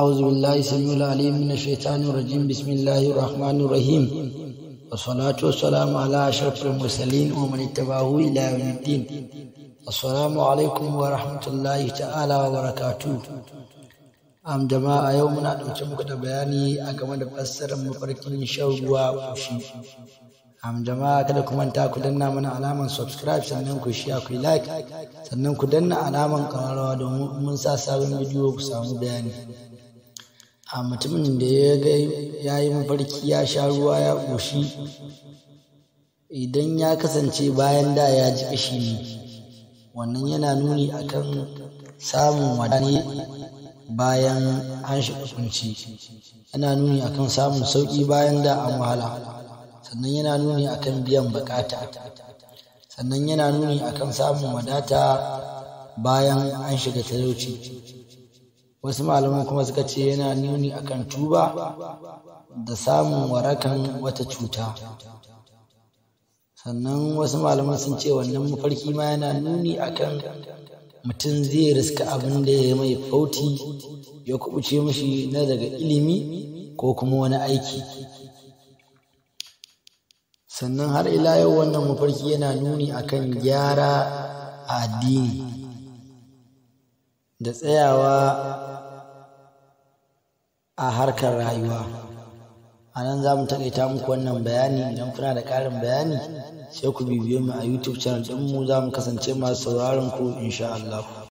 أعوذ بالله السميع العليم من الشيطان الرجيم بسم الله الرحمن الرحيم والصلاة والسلام على أشرف المرسلين ومن اتبعه إلى يوم الدين السلام عليكم ورحمة الله تعالى وبركاته am jama'a yau muna ɗauke muku da bayani a game da fassarar mafarkin shan ruwa kushi am jama'a kada ku manta ku danna mana alamar subscribe sannan ku share ku like sannan ku danna alaman ƙararrawa domin mun sa sabon bidiyo ku samu bayani a mutumin da ya ga ya yi mafarki ya sha ruwa ya ƙoshi idan ya kasance bayan da ya ji ƙashi ne wannan yana nuni akan samun wadani bayan an shiga kunci yana nuni akan samun sauƙi bayan da an wahala sannan yana nuni akan biyan bukata sannan yana nuni akan samun wadata bayan an shiga talauci wasu malaman kuma suka ce yana nuni akan tuba da samun warakan wata cuta sannan wasu malaman sun ce wannan mafarki ma yana nuni akan mutum zai riska abin da ya mai fauti ya kubuce mashi na daga ilimi ko kuma wani aiki sannan har ila yau wannan mafarki yana nuni akan gyara addini da tsayawa a harkar rayuwa a nan za mu taƙaita muku wannan bayani idan kuna da ƙarin bayani sai ku bibiye mu a youtube channel ɗinmu za mu kasance masu sauraron ku insha Allah